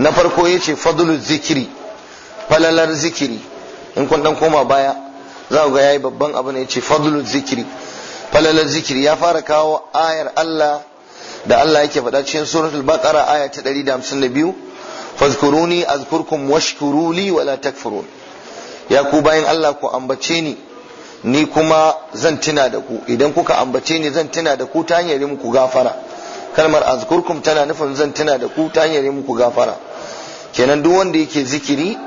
na farko ya ce fadlu zikiri falalar zikiri in kun dan koma baya za ku ga yayi babban abu ne ya ce fadlu zikiri falalar zikiri ya fara kawo ayar Allah da Allah yake faɗa cikin suratul baqara aya ta 152 fazkuruni azkurkum washkuruli wala takfurun ya ku bayan Allah ku ambace ni ni kuma zan tuna da ku idan kuka ambace ni zan tuna da ku ta hanyar muku gafara kalmar azkurkum tana nufin zan tuna da ku ta hanyar muku gafara kenan duk wanda yake zikiri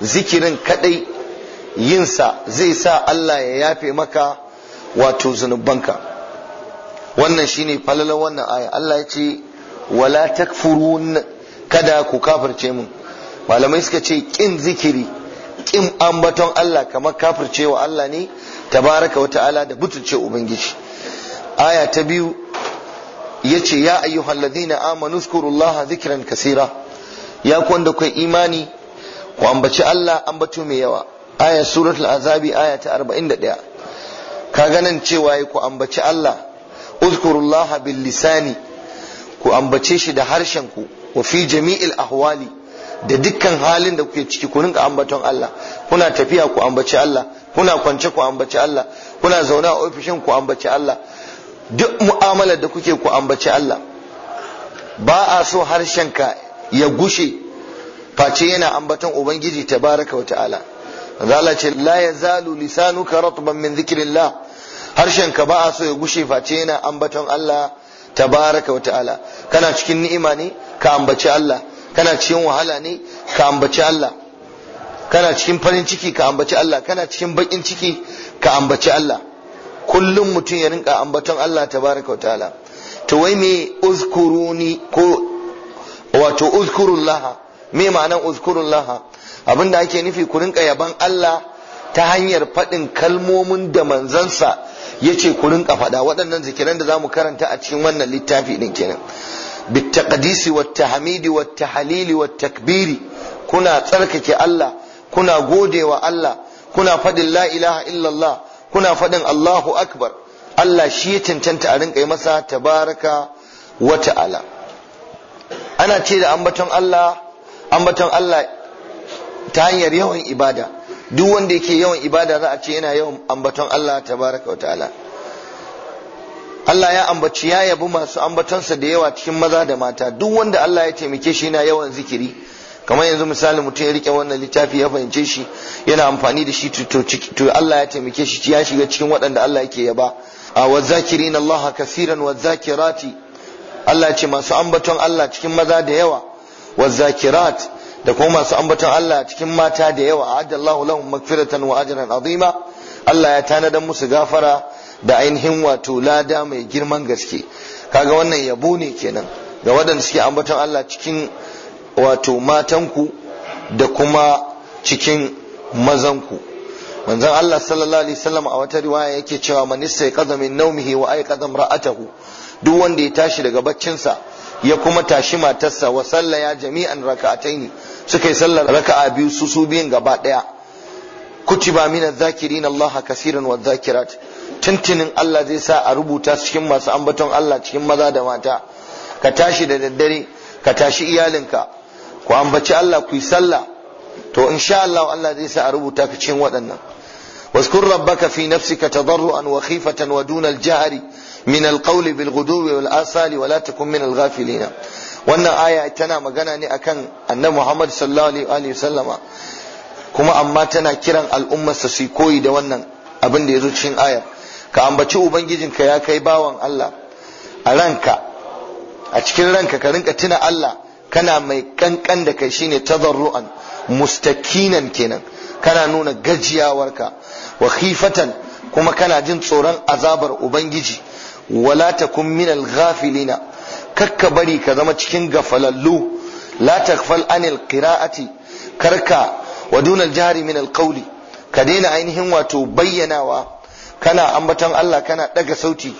zikirin kadai yinsa zai sa Allah ya yafe maka wato zunubanka wannan shine falalar wannan aya Allah ya ce wala takfurun kada ku kafirce mu malamai suka ce kin zikiri kin ambaton Allah kamar kafirce wa Allah ne tabaraka wa ta'ala da butulce ubangiji aya ta biyu yace ya ayyuhallazina amanu zkurullaha zikirin kaseera ya ku wanda kai imani ku ambaci Allah ambato mai yawa Aya suratul azabi aya ta 41 Ka ganin cewa ku ambaci Allah uzkurullaha bil lisani ku ambace shi da harshen ku wa fi jami'il ahwali da dukkan halin da kuke ciki ku rinka ambaton Allah kuna tafiya ku ambaci Allah kuna kwance ku ambaci Allah kuna zaune a ofishin ku ambaci Allah duk mu'amalar da kuke ku ambaci Allah ba a so ka. ya gushe face yana ambaton ubangiji tabaraka wa ta'ala zala ce la yazalu lisanuka ratban min dhikrillah harshen ka ba so ya gushe face yana ambaton Allah tabaraka wa ta'ala kana cikin ni'ima ne ka ambaci Allah kana cikin wahala ne ka ambaci Allah kana cikin farin ciki ka ambaci Allah kana cikin bakin ciki ka ambaci Allah kullum mutum ya rinka ambaton Allah tabaraka wa ta'ala to wai me uzkuruni ko wato uzkurullaha me ma'anan uzkurullaha abinda ake nufi ku rinka yaban Allah ta hanyar faɗin kalmomin da manzansa ya ce ku rinka faɗa waɗannan zikiran da za mu karanta a cikin wannan littafi ɗin kenan bittaqdisi wattahamidi wa Takbiri, kuna tsarkake Allah kuna godewa Allah kuna faɗin la ilaha illallah kuna faɗin Allahu akbar Allah shi ya cancanta a rinka yi masa tabaraka wa ta'ala ana ce da ambaton Allah ambaton Allah ta hanyar yawan ibada duk wanda yake yawan ibada za a ce yana yawan ambaton Allah tabaraka wa ta'ala Allah ya ambaci ya yabi masu ambatonsa da yawa cikin maza da mata duk wanda Allah ya taimake shi yana yawan zikiri kamar yanzu misali mutum ya rike wannan littafi ya fahimce shi yana amfani da shi to Allah ya taimake shi ya shiga cikin waɗanda Allah yake yaba wa zakirin Allah kasiran wa zakirati Allah ce masu ambaton Allah cikin maza da yawa zakirat, da kuma masu ambaton Allah cikin mata da yawa adallahu lahum magfiratan wa ajran azima Allah ya tanada musu gafara da ainihin wato lada mai girman gaske kaga wannan yabo ne kenan ga waɗanda suke ambaton Allah cikin wato matanku da kuma cikin mazanku manzon Allah sallallahu alaihi wasallam a wata riwaya yake cewa man istayqadha min nawmihi wa ayqadha ra'atahu duk wanda ya tashi daga baccinsa ya kuma tashi matarsa wa sallaya jami'an raka'ataini suka yi sallar raka'a biyu su su biyun gaba daya kutiba min adh-dhakirin Allah kasiran wa adh-dhakirat tuntunin Allah zai sa a rubuta cikin masu ambaton Allah cikin maza da mata ka tashi da daddare ka tashi iyalinka ku ambaci Allah ku yi sallah to insha Allah Allah zai sa a rubuta cikin waɗannan واذكر ربك في نفسك تضرعا وخيفة ودون الجهر Minal ƙauli bil ghuduwi wal asali wa la takun min wannan aya tana magana ne akan annabi Muhammad sallallahu alaihi wasallama kuma amma tana kiran al'ummarsa su koyi da wannan abin da ya zo cikin ayar ka ambaci ubangijin ka ya kai bawan Allah a ranka a cikin ranka ka rinka tuna Allah kana mai kankan da kai shine tadarruan mustakinan kenan kana nuna gajiyawarka wa khifatan kuma kana jin tsoron azabar ubangiji wala takun min al-ghafilina kakka bari ka zama cikin gafalallu la taghfal anil qira'ati karka wa dunal jahri min al ka daina ainihin wato bayyanawa kana ambaton Allah kana ɗaga sauti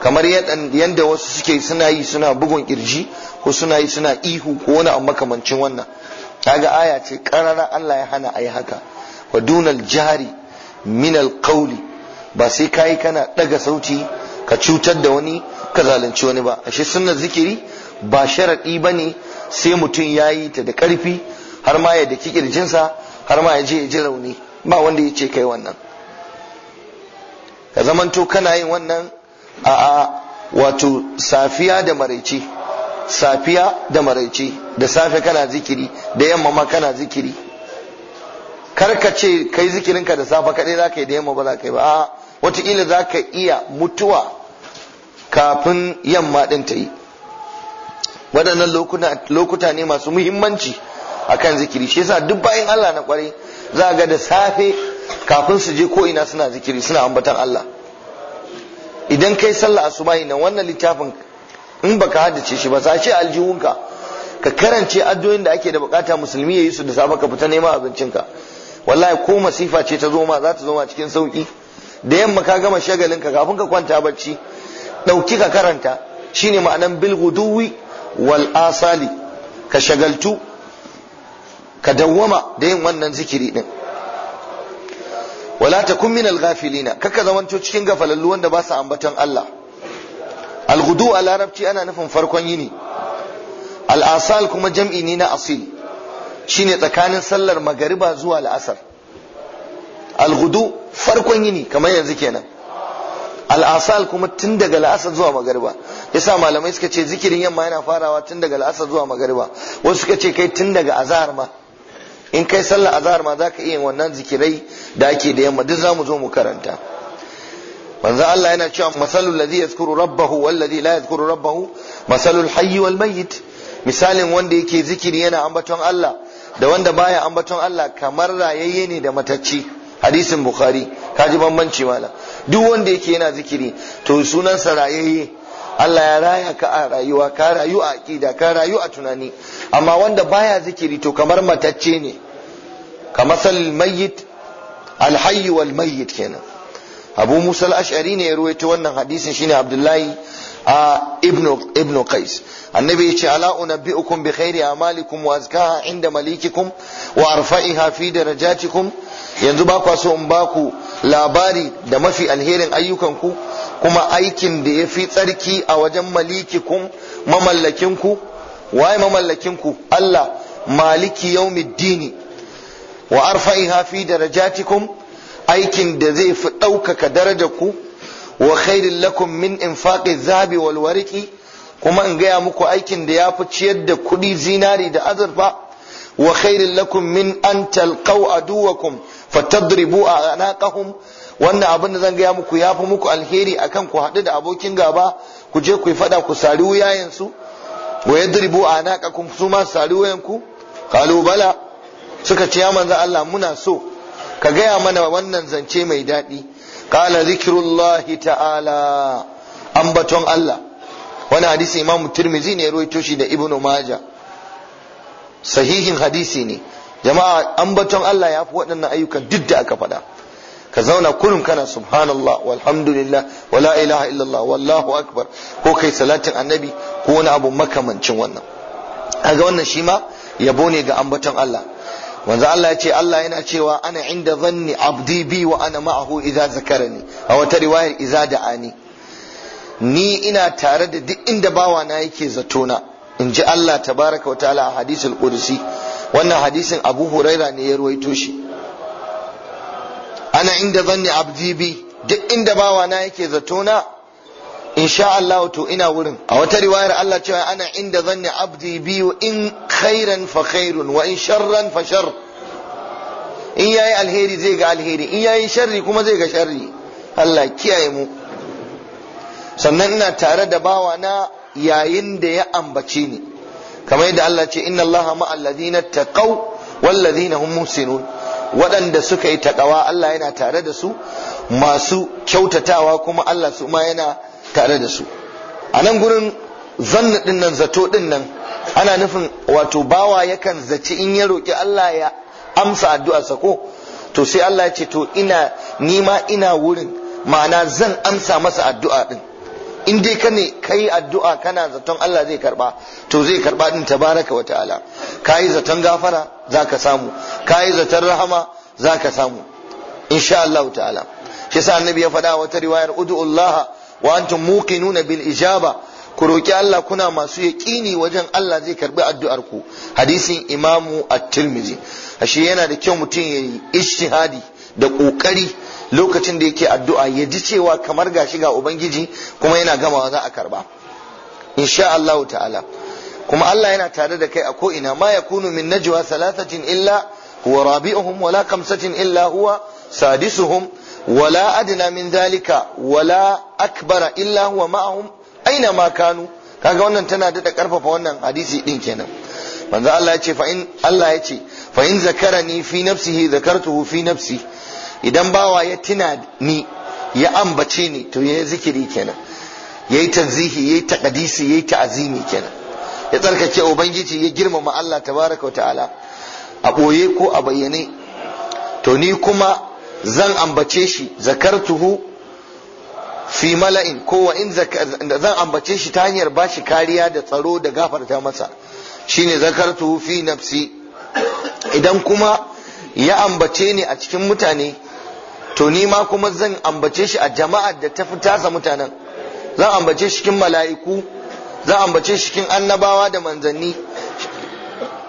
kamar yadda wasu suke suna yi suna bugun kirji ko suna yi suna ihu ko wani makamancin wannan kaga aya ce karara Allah ya hana ayi haka wa dunal jahri min ba sai kai kana ɗaga sauti ka cutar da wani ka zalunci wani ba ashe sunnar zikiri ba sharaɗi bane sai mutum yayi ta da karfi har ma ya daki ƙirjinsa har ma ya je ji rauni ba wanda ya ce kai wannan ka zamanto kana yin wannan a a wato safiya da maraice safiya da maraice da safe kana zikiri da yamma ma kana zikiri kar ka ce kai zikirinka da safe kaɗai za ka da yamma ba za ka yi ba a watakila za ka iya mutuwa kafin yamma din ta yi waɗannan lokuta ne masu muhimmanci akan zikiri shi yasa duk bayan Allah na kwarai za ga da safe kafin su je ko ina suna zikiri suna ambatan Allah idan kai sallah asubahi nan wannan littafin in baka haddace shi ba ce aljihunka ka karance addu'o'in da ake da bukata musulmi yayi su da safe ka fita neman ka. wallahi ko masifa ce ta zo ma za ta zo ma cikin sauki da yamma ka gama shagalinka kafin ka kwanta bacci ɗauki ka karanta shine ma'anan bilguduwi wal asali ka shagaltu ka dawwama da yin wannan zikiri din wala takun min al-ghafilina kaka zamanto cikin gafalallu wanda ba su ambaton Allah al-ghudu a larabci ana nufin farkon yini al-asal kuma jam'i ne na asil shine tsakanin sallar magariba zuwa la'asar al-ghudu farkon yini kamar yanzu kenan al'asal kuma tun daga la'asar zuwa magariba yasa malamai suka ce zikirin yamma yana farawa tun daga la'asar zuwa magariba wasu suka ce kai tun daga azahar ma in kai sallar azahar ma zaka iya wannan zikirai da ake da yamma duk zamu zo mu karanta manzo Allah yana cewa masalul ladhi yazkuru rabbahu wal ladhi la yazkuru rabbahu masalul hayy wal mayyit misalin wanda yake zikiri yana ambaton Allah da wanda baya ambaton Allah kamar rayayye ne da matacci hadisin bukhari ka ji bambanci malam duk wanda yake yana zikiri to sunansa rayayye Allah ya raya ka a rayuwa ka rayu a aƙida ka rayu a tunani amma wanda baya zikiri to kamar matacce ne kamar mayyit alhayy wal mayyit kenan abu musa al-ash'ari ne ya ruwaito wannan hadisin shine abdullahi a ibnu qais annabi ya ce ala unabbiukum bi khairi amalikum wa azkaha inda malikikum wa arfa'iha fi darajatikum yanzu ba ku so in baku labari da mafi alherin ayyukanku kuma aikin da ya fi tsarki a wajen malikikun mamallakinku waye mamallakinku Allah maliki yaumiddini wa arfa'iha fi darajatikum aikin da zai fi ɗaukaka darajarku wa khairin lakum min infaqi zabi wal wariki kuma in gaya muku aikin da ya fi ciyar da kuɗi zinari da azurfa wa khairin lakum min an talqau aduwakum fatadribu a anaqahum wannan abin da zan gaya muku ya fi muku alheri akan ku haɗu da abokin gaba ku je ku yi faɗa ku sari wuyayen su wa yadribu a anaqakum su ma sari wuyan ku qalu bala suka ce ya manzo Allah muna so ka gaya mana wannan zance mai daɗi qala zikrullahi ta'ala ambaton Allah wani hadisi imam tirmizi ne ya ruwaito shi da ibnu maja sahihin hadisi ne jama'a ambaton Allah ya fi waɗannan ayyukan duk da aka faɗa ka zauna kullum kana subhanallah walhamdulillah wala ilaha illallah wallahu akbar ko kai salatin annabi ko wani abu makamancin wannan kaga wannan shi ma yabo ne ga ambaton Allah manzo Allah ya ce Allah yana cewa ana inda zanni abdi bi wa ana ma'ahu idza zakarani a wata riwayar idza da'ani ni ina tare da duk inda bawa na yake zato na in ji Allah tabaraka wa ta'ala a hadisul qudsi wannan hadisin abu huraira ne ya ruwaito shi ana inda zanni abdi bi duk inda bawa na yake zato na insha Allah to ina wurin a wata riwayar Allah cewa ana inda zanni abdi bi in khairan fa khairun wa in sharran fa shar in yayi alheri zai ga alheri in yayi sharri kuma zai ga sharri Allah kiyaye mu sannan ina tare da bawa na yayin da ya ambace ni kamar yadda Allah ce inna Allah ma'al ladina taqaw wal ladina hum muhsinun waɗanda suka yi taqawa Allah yana tare da su masu kyautatawa kuma Allah su ma yana tare da su a nan gurin zanna din nan zato din nan ana nufin wato bawa yakan zaci in ya roki Allah ya amsa addu'arsa ko to sai Allah ya ce to ina nima ina wurin ma'ana zan amsa masa addu'a din in dai ka ne kai addu'a kana zaton Allah zai karba to zai karba din tabaraka wa ta'ala kai zaton gafara zaka samu kai zaton rahama zaka samu insha Allah ta'ala shi sa annabi ya faɗa wata riwayar Allah wa antum muqinuna bil ijaba ku roƙi Allah kuna masu yaqini wajen Allah zai karɓi addu'ar ku hadisin imamu at-tirmidhi ashe yana da kyau mutum ya yayi ishtihadi da ƙoƙari. lokacin da yake addu'a ya ji cewa kamar gashi ga ubangiji kuma yana gamawa za a karba insha Allah ta'ala kuma Allah yana tare da kai a ko ina ma yakunu min najwa salasatin illa huwa rabi'uhum wala Kamsatin illa huwa sadisuhum wala adna min dalika, wala akbara illa huwa ma'ahum aina ma kanu kaga wannan tana da karfafa wannan hadisi din kenan manzo Allah ya ce fa in Allah ya ce fa in zakarani fi nafsihi zakartuhu fi nafsi idan bawa ya tuna ni ya ambace ni to yayi zikiri kenan yayi tanzihi yayi taqdisi yayi ta'zimi kenan ya tsarkake ubangiji ya girmama Allah tabaraka ta'ala a boye ko a bayyane to ni kuma zan ambace shi zakartuhu fi mala'in ko wa in zan ambace shi ta hanyar bashi kariya da tsaro da gafarta masa shine zakartuhu fi nafsi idan kuma ya ambace ni a cikin mutane to ni ma kuma zan ambace shi a jama'ar da ta fi tasa mutanen zan ambace shi cikin mala'iku zan ambace shi cikin annabawa da manzanni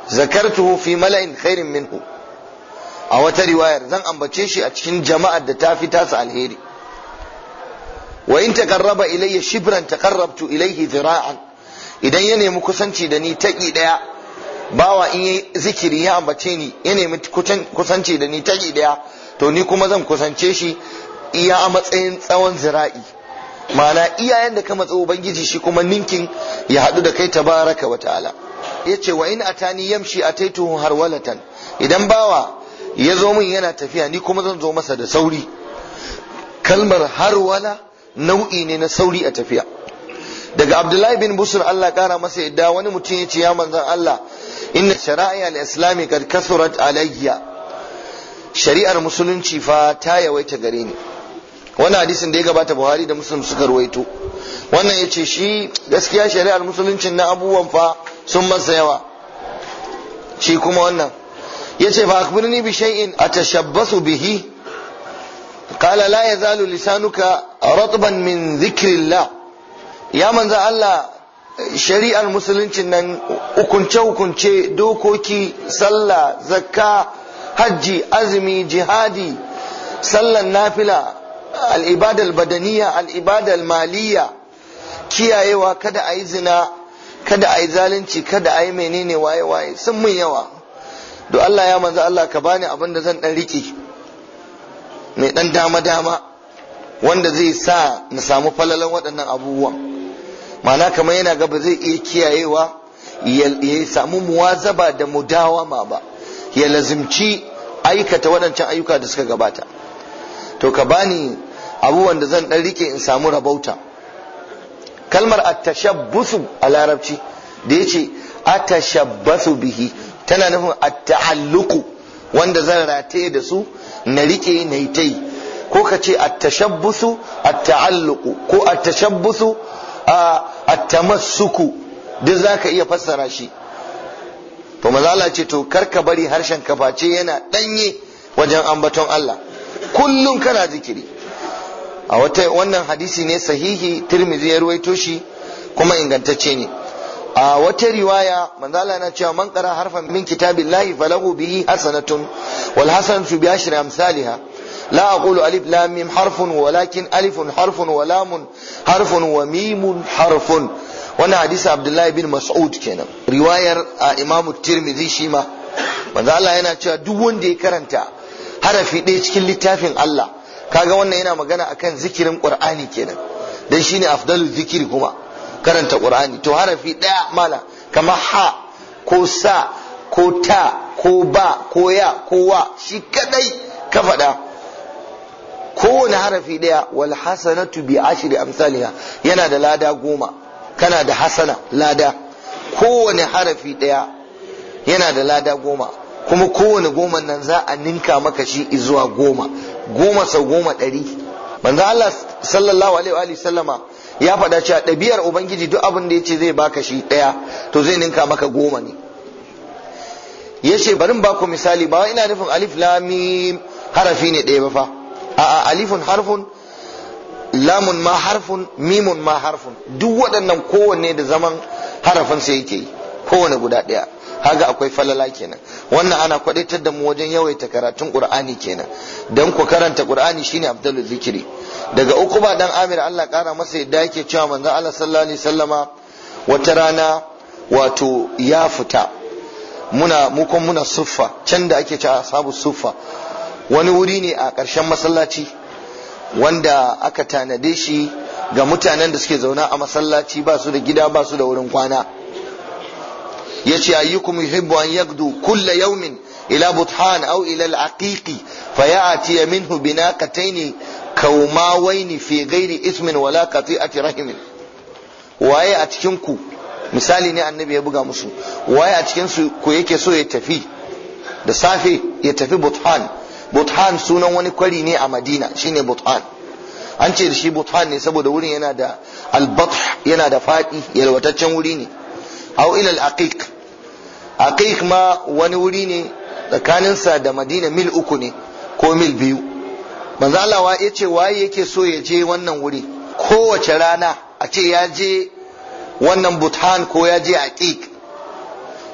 zakartuhu fi mala'in khairin minhu a wata riwayar zan ambace shi a cikin jama'ar da ta fi tasa alheri wa in taqarraba ilayya shibran taqarrabtu ilayhi zira'an idan ya nemi kusanci da ni taki daya, bawa in yi zikiri ya ambace ni ya nemi kusanci da ni taki daya. to ni kuma zan kusance shi iya a matsayin tsawon zira'i ma'ana iyayen da ka matsa ubangiji shi kuma ninkin ya haɗu da kai tabaraka wa ta'ala ya ce wa in atani yamshi a ataituhu harwalatan idan bawa ya zo min yana tafiya ni kuma zan zo masa da sauri kalmar harwala nau'i ne na sauri a tafiya daga abdullahi bin busur allah kara masa yadda wani mutum ya ce ya manzan allah inna shara'i al-islami kad kasurat alayya shari'ar musulunci fa ta yawaita gare ni wannan hadisin da ya gabata buhari da muslim suka ruwaito wannan ya ce shi gaskiya shari'ar musuluncin na abubuwan fa sun masa yawa shi kuma wannan ya ce fa akbirni bi shay'in atashabbasu bihi qala la zalu lisanuka ratban min dhikrillah ya manzo Allah shari'ar musuluncin nan hukunce hukunce dokoki sallah zakka hajji azumi jihadi sallan nafila al'ibadar badaniya al'ibadar maliya kiyayewa kada ayi zina kada ayi zalunci kada ayi menene waye waye sun mun yawa do Allah ya manzo Allah ka bani abin da zan dan riki mai dan dama dama wanda zai sa na samu falalan waɗannan abubuwan Mana kamar yana ba zai iya kiyayewa ya samu muwazaba da mudawama ba ya lazimci aikata waɗancan ayyuka da suka gabata to ka bani abubuwan da zan ɗan rike in samu rabauta kalmar attashabbusu a larabci da ya ce atashabbasu bihi tana nufin attahalluku wanda zan rataye da su na rike na yi yi ko ka ce attashabbusu attaalluku ko attashabbusu attamassuku duk za ka iya fassara shi to maza ce to karka bari harshen kaface yana danye wajen ambaton Allah kullum kana zikiri a wata wannan hadisi ne sahihi tirmidhi ya ruwaito shi kuma ingantacce ne a wata riwaya Manzala na cewa man qara harfan min kitabillahi falahu bihi hasanatun wal hasanatu bi ashri amsalha لا أقول ألف لام harfun حرف harfun ألف حرف harfun wa mimun harfun. wannan hadisi abdullahi bin mas'ud kenan riwayar a imamu tirmidhi shi ma manzo Allah yana cewa duk wanda ya karanta harafi ɗaya cikin littafin Allah kaga wannan yana magana akan zikirin qur'ani kenan dan shine afdalu zikiri kuma karanta qur'ani to harafi ɗaya mala kama ha ko sa ko ta ko ba ko ya ko wa shi kadai ka faɗa kowane harafi ɗaya wal hasanatu bi ashri amsalha yana da lada goma kana da hasana lada kowane harafi ɗaya yana da lada goma kuma kowane goma nan za a ninka maka shi zuwa goma goma sau goma ɗari banza Allah sallallahu alaihi wa sallama ya faɗa cewa ɗabi'ar ubangiji duk abin da ya ce zai baka shi ɗaya to zai ninka maka goma ne yace bari in baku misali ba ina nufin alif lam mim harafi ne ɗaya ba fa a'a alifun harfun lamun ma harfun mimun ma harfun duk waɗannan kowanne da zaman harafin sai yake yi kowane guda ɗaya haga akwai falala kenan wannan ana kwadaitar da mu wajen yawaita karatun qur'ani kenan dan ku karanta qur'ani shine afdalu zikiri daga uku ba dan amir Allah kara masa yadda yake cewa manzon Allah sallallahu alaihi wasallama wata rana wato ya fita muna mu muna suffa can da ake cewa sabu suffa wani wuri ne a ƙarshen masallaci wanda aka tanade shi ga mutanen da suke zauna a masallaci ba su da gida ba su da wurin kwana ya ce ayyukum yuhibbu an yagdu kulla yaumin ila buthan aw ila al-aqiqi fa ya'ti minhu binaqataini kaumawaini fi ghairi ismin wala qati'ati rahimin waye a cikin ku misali ne annabi ya buga musu waye a cikin su ku yake so ya tafi da safe ya tafi buthan buthan sunan wani kwari ne a madina shine buthan an ce da shi buthan ne saboda wurin yana da albath yana da faɗi yalwataccen wuri ne au ilal aqiq aqiq ma wani wuri ne tsakaninsa da madina mil uku ne ko mil biyu manzo Allah ya ce waye yake so ya je wannan wuri kowace rana a ce ya je wannan buthan ko ya je aqiq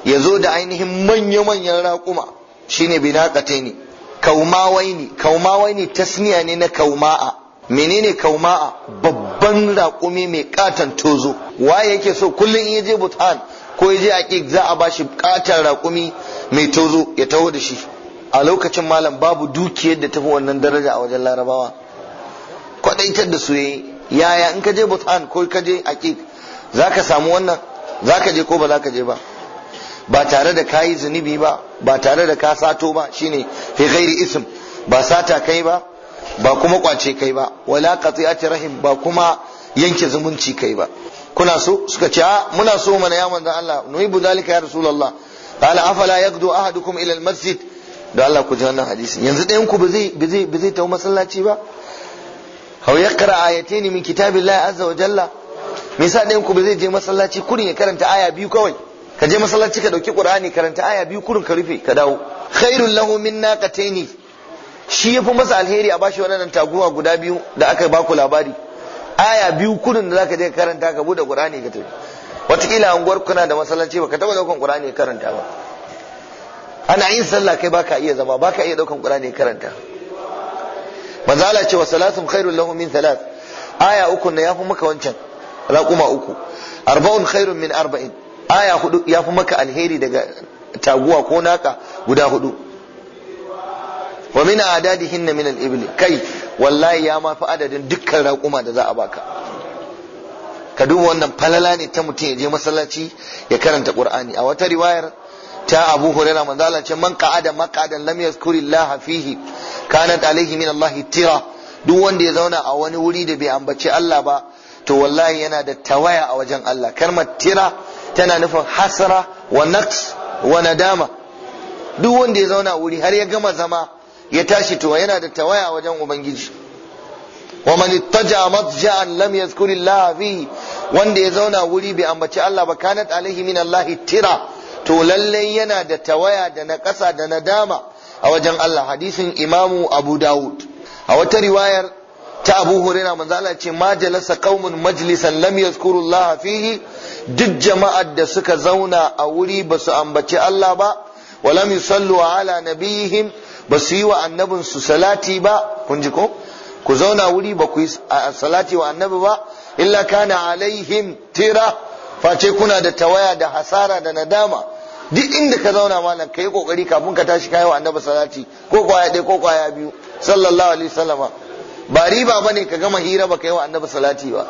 ya zo da ainihin manya-manyan raƙuma shine ne. kaumawaini kaumawaini tasniya ne na kauma'a menene kauma'a babban raƙumi mai katon tozo waye yake so kullum in ya je butan ko ya je aqiq za a bashi katon raƙumi mai tozo ya taho da shi a lokacin malam babu dukiyar da tafi wannan daraja a wajen larabawa kwadaitar da su yayi yaya in ka je butan ko ka je aqiq zaka samu wannan zaka je ko ba ka je ba ba tare da kayi zunubi ba ba tare da ka sato ba shine fi ghairi ism ba sata kai ba ba kuma kwace kai ba wala qati'ati rahim ba kuma yanke zumunci kai ba kuna so suka ce ah, muna so mana ya manzo Allah nuhibu zalika ya rasulullah qala afala yaqdu ahadukum ila almasjid da Allah ku ji wannan hadisi. yanzu ɗayan ku bazai zai ba tawo masallaci ba hau ya kara min kitabillahi azza wa jalla me yasa ɗayan ku bazai je masallaci kurin ya karanta aya biyu kawai ka je masallaci ka dauki qur'ani karanta aya biyu kurun ka rufe ka dawo khairul lahu min naqataini shi yafi masa alheri a bashi wannan taguwa guda biyu da aka baku labari aya biyu kurun da zaka je karanta ka bude qur'ani ka tafi watakila anguwar kuna da masallaci ka taba daukan qur'ani karanta ba ana yin sallah kai baka iya zama baka iya daukan qur'ani karanta manzo Allah ce wa salatun khairul lahu min thalath aya uku ne yafi maka wancan raƙuma uku arba'un khairun min arba'in aya hudu ya fi maka alheri daga taguwa ko naka guda hudu wa min na min al kai wallahi ya ma fi adadin dukkan raƙuma da za a baka ka duba wannan falala ne ta mutum ya je masallaci ya karanta qur'ani a wata riwayar ta abu huraira manzala ce man ka'ada maq'adan lam yazkurillah fihi kanat alaihi min allah tira duk wanda ya zauna a wani wuri da bai ambaci Allah ba to wallahi yana da tawaya a wajen Allah kalmar tira tana nufin hasara wa naqs wa nadama duk wanda ya zauna wuri har ya gama zama ya tashi to yana da tawaya wajen ubangiji wa man ittaja matja'an lam yadhkurillaha fi wanda ya zauna wuri bai ambaci Allah ba kanat alaihi min Allah tira to lallai yana da tawaya da na ƙasa da nadama a wajen Allah hadisin imamu Abu Dawud a wata riwayar ta Abu Huraira manzo Allah ce ma qaumun majlisan lam yazkurullaha fihi duk jama'ar da suka zauna a wuri ba su ambaci Allah ba walam yusallu ala nabiyihim ba su yi wa annabin su salati ba kun ji ko ku zauna wuri ba ku yi salati wa annabi ba illa kana alaihim tira face kuna da tawaya da hasara da nadama duk inda ka zauna malam kai kokari kafin ka tashi kayi wa annabi salati ko kwaya ɗaya ko kwaya biyu sallallahu alaihi wasallama ba riba bane ka gama hira ba yi wa annabi salati ba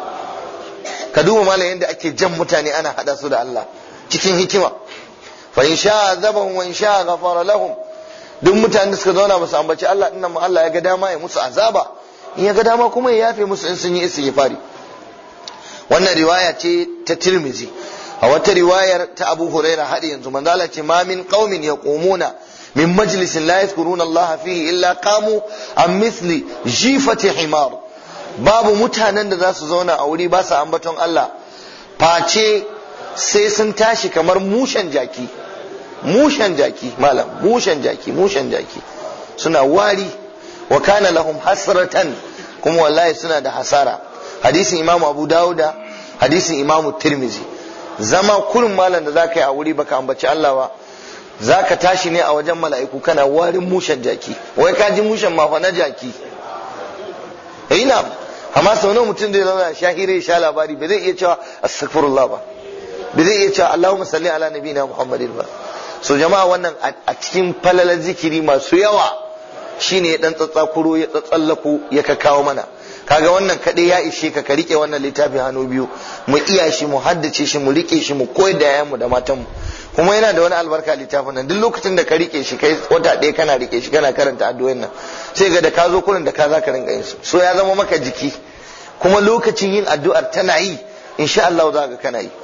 ka duba malam yadda ake jan mutane ana hada su da Allah cikin hikima fa in sha azaban wa in sha ghafara lahum duk mutanen da suka zauna ba su ambaci Allah dinnan ma Allah ya ga dama ya musu azaba in ya ga dama kuma ya yafe musu in sun yi istighfari wannan riwaya ce ta Tirmizi a wata riwayar ta Abu Huraira har yanzu manzala ce ma min qaumin yaqumuna min majlisin la yadhkuruna Allah fihi illa qamu am mithli jifati himar babu mutanen da za su zauna a wuri ba su ambaton Allah face sai sun tashi kamar mushen jaki mushen jaki malam mushen jaki mushen jaki suna wari wa kana lahum hasratan kuma wallahi suna da hasara hadisin Imam abu Dauda, hadisin imamu tirmizi zama kurin malam da ka yi a wuri baka ambaci Allah ba zaka tashi ne a wajen mala'iku kana warin mushen jaki wai ka ji mushen mafa na jaki ina eh, amma sau nawa mutum da ya zauna sha hira sha labari ba zai iya cewa astaghfirullah ba ba zai iya cewa Allahu musalli ala nabiyina Muhammadin ba so jama'a wannan a cikin falalar zikiri masu yawa shine ya dan tsatsakuro ya tsatsallako ya kakawo mana kaga wannan kadai ya ishe ka ka rike wannan littafin hannu biyu mu iya shi mu haddace shi mu rike shi mu koyar da mu da matan mu kuma yana da wani albarka littafin nan duk lokacin da ka rike shi kai wata ɗaya kana rike shi kana karanta addu'o'in nan sai ga da ka zo kurin da ka za ka rinka yin su so ya zama maka jiki kuma lokacin yin addu'ar tana yi insha Allah za ka kana yi